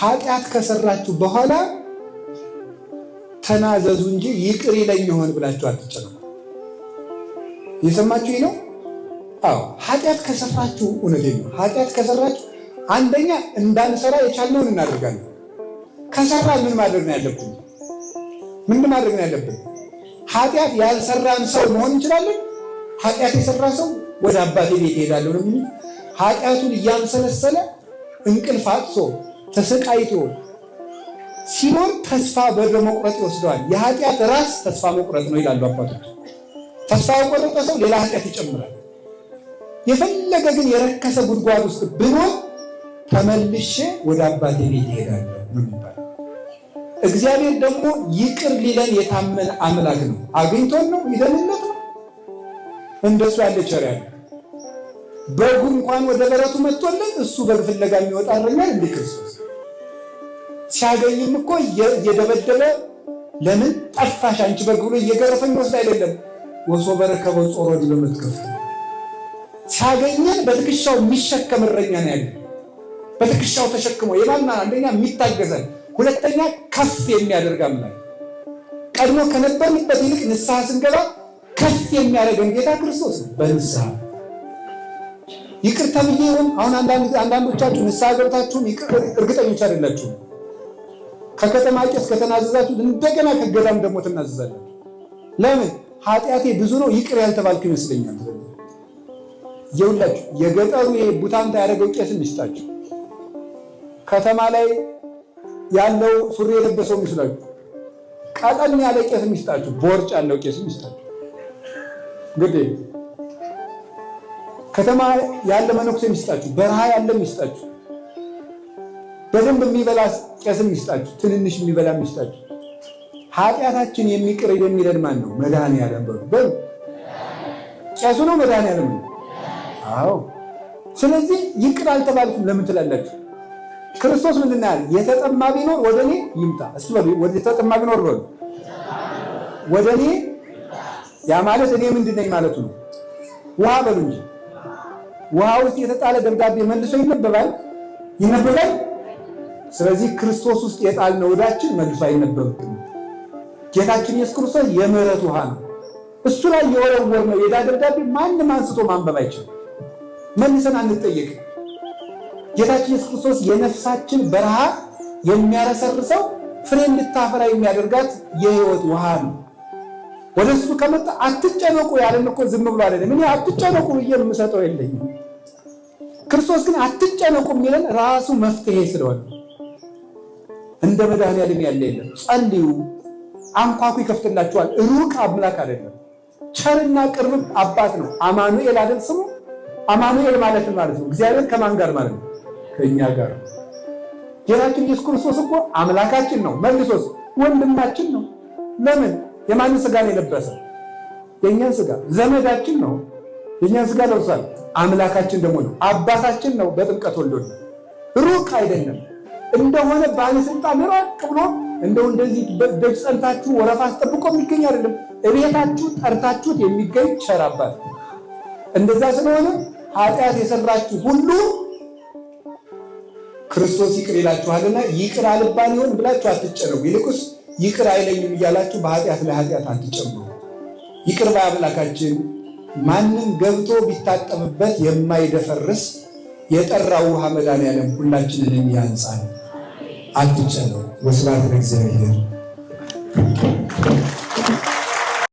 ኃጢአት ከሰራችሁ በኋላ ተናዘዙ እንጂ ይቅር ይለኝ ይሆን ብላችሁ አትጨነቁ። እየሰማችሁ ነው? አዎ ኃጢአት ከሰራችሁ፣ እውነቴን ነው። ኃጢአት ከሰራችሁ አንደኛ እንዳንሰራ የቻልነውን እናደርጋለን። ከሰራ ምን ማድረግ ነው ያለብን? ምን ማድረግ ነው ያለብን? ኃጢአት ያልሰራን ሰው መሆን እንችላለን። ኃጢአት የሰራ ሰው ወደ አባቴ ቤት ይሄዳለሁ ነው። ኃጢአቱን እያምሰለሰለ እንቅልፍ አጥሶ ተሰቃይቶ ሲኖር ተስፋ ወደ መቁረጥ ይወስደዋል። የኃጢአት ራስ ተስፋ መቁረጥ ነው ይላሉ አባቶች። ተስፋ የቆረጠ ሰው ሌላ ኃጢአት ይጨምራል። የፈለገ ግን የረከሰ ጉድጓድ ውስጥ ብሎ ተመልሼ ወደ አባቴ ቤት ይሄዳለሁ ነው የሚባለው። እግዚአብሔር ደግሞ ይቅር ሊለን የታመነ አምላክ ነው። አግኝቶን ነው ይደንነት ነው እንደሱ ያለ ቸር ያለ በጉ እንኳን ወደ በረቱ መጥቶለት እሱ በግ ፍለጋ የሚወጣ እረኛል እንደ ክርስቶስ ሲያገኝም እኮ እየደበደበ ለምን ጠፋሽ አንቺ በግብሎ እየገረፈኝ ወስድ አይደለም። ወሶ በረከበ ጾሮ በመትከፍ ሲያገኘን በትከሻው የሚሸከም እረኛ ነው ያለ። በትከሻው ተሸክሞ የማና አንደኛ የሚታገዘን፣ ሁለተኛ ከፍ የሚያደርግ አምላክ ቀድሞ ከነበርንበት ይልቅ ንስሐ ስንገባ ከፍ የሚያደርገን ጌታ ክርስቶስ በንስሐ ይቅር ተብዬ ይሁን። አሁን አንዳንዶቻችሁ ንስሐ ገብታችሁም እርግጠኞች አይደላችሁም። ከከተማ ቄስ ከተናዘዛችሁ እንደገና ከገዳም ደግሞ ትናዘዛላችሁ። ለምን? ኃጢአቴ ብዙ ነው ይቅር ያልተባልኩ ይመስለኛል። የሁላችሁ የገጠሩ ቡታንታ ያደረገው ቄስም ይስጣችሁ። ከተማ ላይ ያለው ሱሪ የለበሰው ይስላችሁ። ቀጠን ያለ ቄስም ይስጣችሁ። ቦርጭ ያለው ቄስም ይስጣችሁ። ግዴ ከተማ ያለ መነኩሴም ይስጣችሁ። በረሃ ያለም ይስጣችሁ። በደንብ የሚበላ ቀስም ይስጣችሁ፣ ትንንሽ የሚበላ ይስጣችሁ። ኃጢአታችን የሚቅር የሚለን ማን ነው? መድኃኒዓለም በሉ በሉ። ቄሱ ነው መድኃኒዓለም ነው። አዎ። ስለዚህ ይቅር አልተባልኩም ለምን ትላላችሁ? ክርስቶስ ምንድን ያለ የተጠማ ቢኖር ወደ እኔ ይምጣ። እስኪ በሉ የተጠማ ቢኖር በሉ ወደ እኔ። ያ ማለት እኔ ምንድን ነኝ ማለቱ ነው። ውሃ በሉ እንጂ ውሃ ውስጥ የተጣለ ደብዳቤ መልሶ ይነበባል ይነበባል ስለዚህ ክርስቶስ ውስጥ የጣልነው ዕዳችን መልሶ አይነበብም። ጌታችን ኢየሱስ ክርስቶስ የምህረት ውሃ ነው። እሱ ላይ የወረወርነው የዕዳ ደብዳቤ ማንም አንስቶ ማንበብ አይችልም። መልሰን አንጠየቅም። ጌታችን ኢየሱስ ክርስቶስ የነፍሳችን በረሃ የሚያረሰርሰው ፍሬ እንድታፈራ የሚያደርጋት የህይወት ውሃ ነው። ወደ እሱ ከመጣ አትጨነቁ ያለን እኮ ዝም ብሎ አይደለም። እኔ አትጨነቁ ብዬ የምሰጠው የለኝም። ክርስቶስ ግን አትጨነቁ የሚለን ራሱ መፍትሄ ስለሆነ እንደ መድኃኒዓለም ያለ የለም። ጸልዩ፣ አንኳኩ፣ ይከፍትላችኋል። ሩቅ አምላክ አይደለም። ቸርና ቅርብ አባት ነው። አማኑኤል አይደል ስሙ? አማኑኤል ማለት ማለት ነው እግዚአብሔር ከማን ጋር ማለት ነው? ከእኛ ጋር። ጌታችን ኢየሱስ ክርስቶስ እኮ አምላካችን ነው፣ መልሶስ ወንድማችን ነው። ለምን? የማንን ስጋ ነው የለበሰ? የእኛን ስጋ። ዘመዳችን ነው፣ የእኛን ስጋ ለብሷል። አምላካችን ደግሞ ነው፣ አባታችን ነው። በጥምቀት ወልዶ ሩቅ አይደለም። እንደሆነ ባለስልጣን ራቅ ብሎ እንደው እንደዚህ ደጅ ጸንታችሁ ወረፋ አስጠብቆ የሚገኝ አይደለም። እቤታችሁ ጠርታችሁት የሚገኝ ቸር አባት። እንደዛ ስለሆነ ኃጢአት የሰራችሁ ሁሉ ክርስቶስ ይቅር ይላችኋልና ይቅር አልባል ይሆን ብላችሁ አትጨነቁ። ይልቁስ ይቅር አይለኝም እያላችሁ በኃጢአት ላይ ኃጢአት አትጨምሩ። ይቅር ባይ አምላካችን ማንም ገብቶ ቢታጠብበት የማይደፈርስ የጠራ ውሃ መድኃኔዓለም ሁላችንንም ያንጻል። አትጨነቁ። ወስብሐት ለእግዚአብሔር።